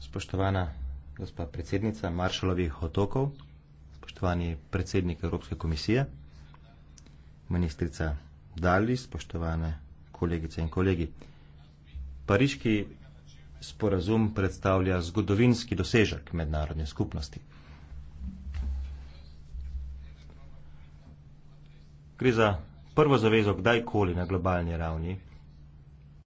spoštovana gospa predsednica maršallovih otokov spoštovani predsednik evropske komisije ministrica dalli spoštovane kolegice in kolegi pariški sporazum predstavlja zgodovinski dosežek mednarodne skupnosti gre za prvo zavezo kdajkoli na globalni ravni